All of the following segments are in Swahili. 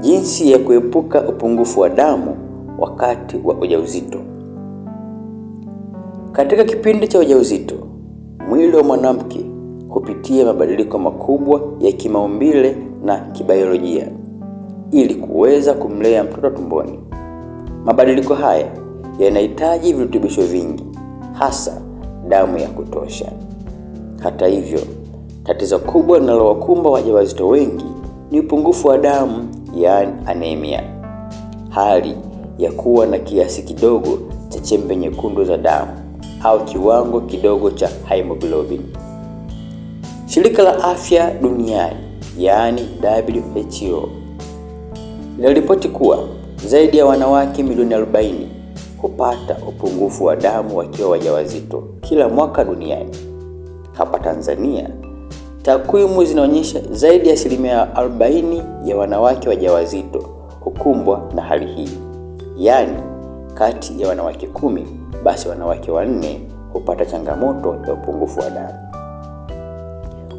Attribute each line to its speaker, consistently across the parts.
Speaker 1: jinsi ya kuepuka upungufu wa damu wakati wa ujauzito. Katika kipindi cha ujauzito, mwili wa mwanamke hupitia mabadiliko makubwa ya kimaumbile na kibayolojia ili kuweza kumlea mtoto tumboni. Mabadiliko haya yanahitaji virutubisho vingi, hasa damu ya kutosha. Hata hivyo, tatizo kubwa linalowakumba wajawazito wengi ni upungufu wa damu yaani anemia, hali ya kuwa na kiasi kidogo cha chembe nyekundu za damu au kiwango kidogo cha hemoglobin. Shirika la Afya Duniani, yaani WHO, linaripoti kuwa zaidi ya wanawake milioni 40 hupata upungufu wa damu wakiwa wajawazito kila mwaka duniani. Hapa Tanzania Takwimu zinaonyesha zaidi ya asilimia 40 ya wanawake wajawazito hukumbwa na hali hii, yaani kati ya wanawake kumi basi wanawake wanne hupata changamoto ya upungufu wa damu.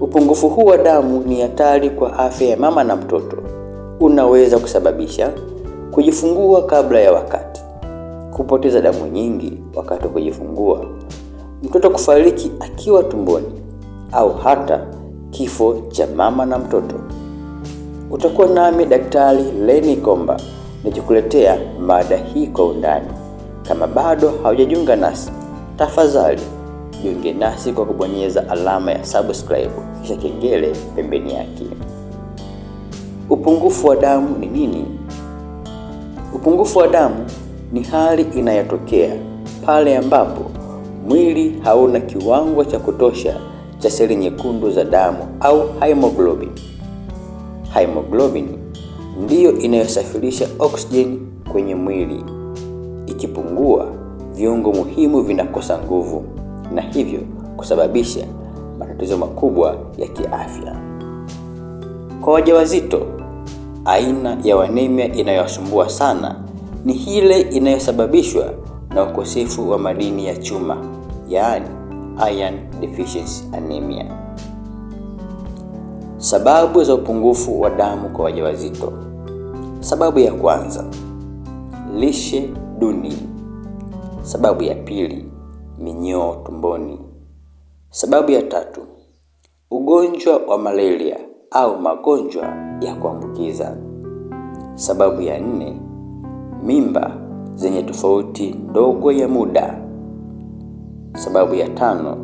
Speaker 1: Upungufu huu wa damu ni hatari kwa afya ya mama na mtoto. Unaweza kusababisha kujifungua kabla ya wakati, kupoteza damu nyingi wakati wa kujifungua, mtoto kufariki akiwa tumboni au hata kifo cha mama na mtoto. Utakuwa nami Daktari Leni Komba nikikuletea mada hii kwa undani. Kama bado haujajiunga nasi, tafadhali jiunge nasi kwa kubonyeza alama ya subscribe kisha kengele pembeni yake. Upungufu wa damu ni nini? Upungufu wa damu ni hali inayotokea pale ambapo mwili hauna kiwango cha kutosha za seli nyekundu za damu au hemoglobin. Hemoglobin ndiyo inayosafirisha oksijeni kwenye mwili. Ikipungua, viungo muhimu vinakosa nguvu na hivyo kusababisha matatizo makubwa ya kiafya. Kwa wajawazito, aina ya anemia inayowasumbua sana ni ile inayosababishwa na ukosefu wa madini ya chuma, yaani iron deficiency anemia. Sababu za upungufu wa damu kwa wajawazito. Sababu ya kwanza, lishe duni. Sababu ya pili, minyoo tumboni. Sababu ya tatu, ugonjwa wa malaria au magonjwa ya kuambukiza. Sababu ya nne, mimba zenye tofauti ndogo ya muda. Sababu ya tano,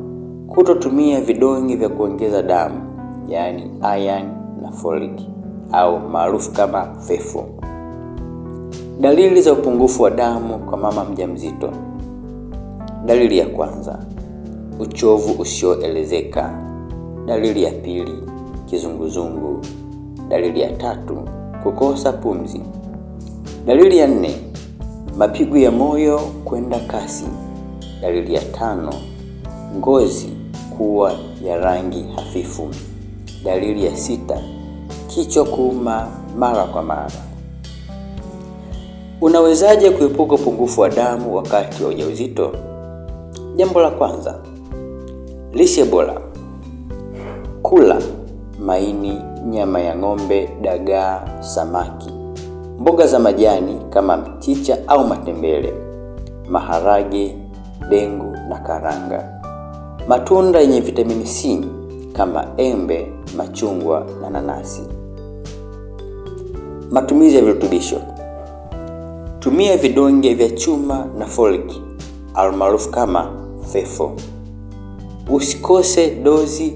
Speaker 1: kutotumia vidonge vya kuongeza damu yaani iron na folic au maarufu kama FeFo. Dalili za upungufu wa damu kwa mama mjamzito. Dalili ya kwanza, uchovu usioelezeka. Dalili ya pili, kizunguzungu. Dalili ya tatu, kukosa pumzi. Dalili ya nne, mapigo ya moyo kwenda kasi. Dalili ya tano, ngozi kuwa ya rangi hafifu. Dalili ya sita, kichwa kuuma mara kwa mara. Unawezaje kuepuka upungufu wa damu wakati wa ujauzito? Jambo la kwanza, lishe bora. Kula maini, nyama ya ng'ombe, dagaa, samaki, mboga za majani kama mchicha au matembele, maharage dengu na karanga. Matunda yenye vitamini C kama embe, machungwa na nanasi. Matumizi ya virutubisho: tumia vidonge vya chuma na folic almaarufu kama fefo. Usikose dozi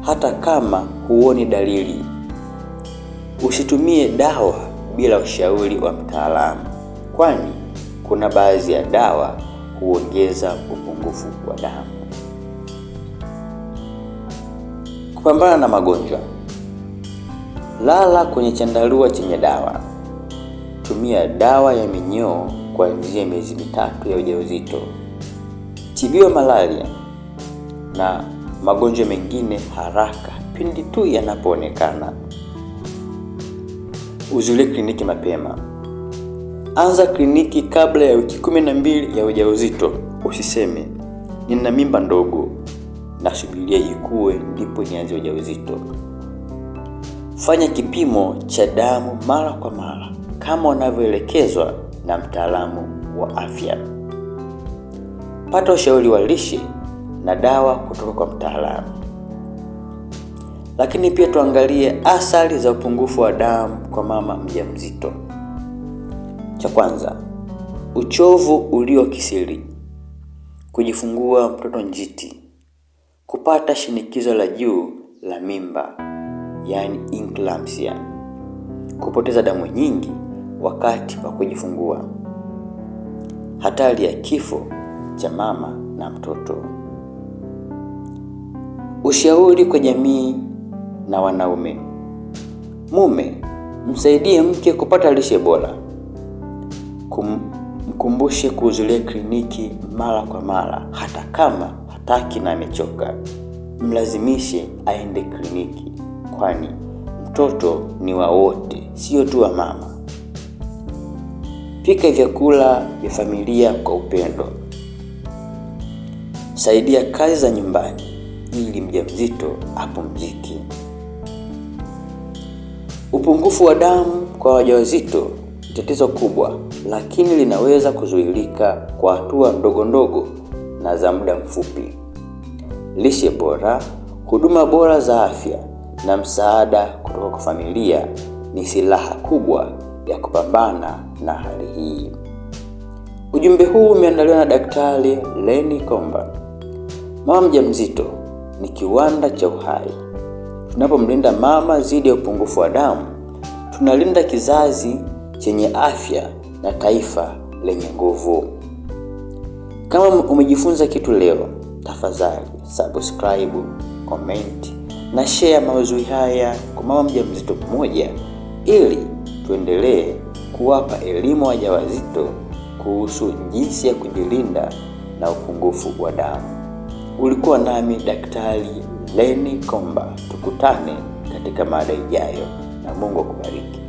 Speaker 1: hata kama huoni dalili. Usitumie dawa bila ushauri wa mtaalamu, kwani kuna baadhi ya dawa huongeza upungufu wa damu. Kupambana na magonjwa: lala kwenye chandarua chenye dawa, tumia dawa ya minyoo kuanzia miezi mitatu ya ujauzito, tibiwa malaria na magonjwa mengine haraka pindi tu yanapoonekana. Uzuri kliniki mapema. Anza kliniki kabla ya wiki kumi na mbili ya ujauzito. Usiseme nina mimba ndogo, nasubiria ikue ndipo nianze ujauzito. Fanya kipimo cha damu mara kwa mara kama unavyoelekezwa na mtaalamu wa afya. Pata ushauri wa lishe na dawa kutoka kwa mtaalamu. Lakini pia tuangalie athari za upungufu wa damu kwa mama mjamzito. Cha kwanza, uchovu kisiri kujifungua mtoto njiti, kupata shinikizo la juu la mimba, yaani eclampsia, kupoteza damu nyingi wakati wa kujifungua, hatari ya kifo cha mama na mtoto. Ushauri kwa jamii na wanaume: mume msaidie mke kupata lishe bora mkumbushe kuhudhuria kliniki mara kwa mara, hata kama hataki na amechoka. Mlazimishe aende kliniki, kwani mtoto ni wa wote, sio tu wa mama. Pika vyakula vya familia kwa upendo. Saidia kazi za nyumbani ili mjamzito apumzike. Upungufu wa damu kwa wajawazito tatizo kubwa, lakini linaweza kuzuilika kwa hatua ndogo ndogo na za muda mfupi. Lishe bora, huduma bora za afya na msaada kutoka kwa familia ni silaha kubwa ya kupambana na hali hii. Ujumbe huu umeandaliwa na Daktari Leni Komba. Mama mjamzito ni kiwanda cha uhai. Tunapomlinda mama dhidi ya upungufu wa damu, tunalinda kizazi chenye afya na taifa lenye nguvu. Kama umejifunza kitu leo, tafadhali subscribe, comment na share mauzui haya kwa mama mjamzito mmoja, ili tuendelee kuwapa elimu wajawazito kuhusu jinsi ya kujilinda na upungufu wa damu. Ulikuwa nami Daktari Leni Komba, tukutane katika mada ijayo, na Mungu akubariki.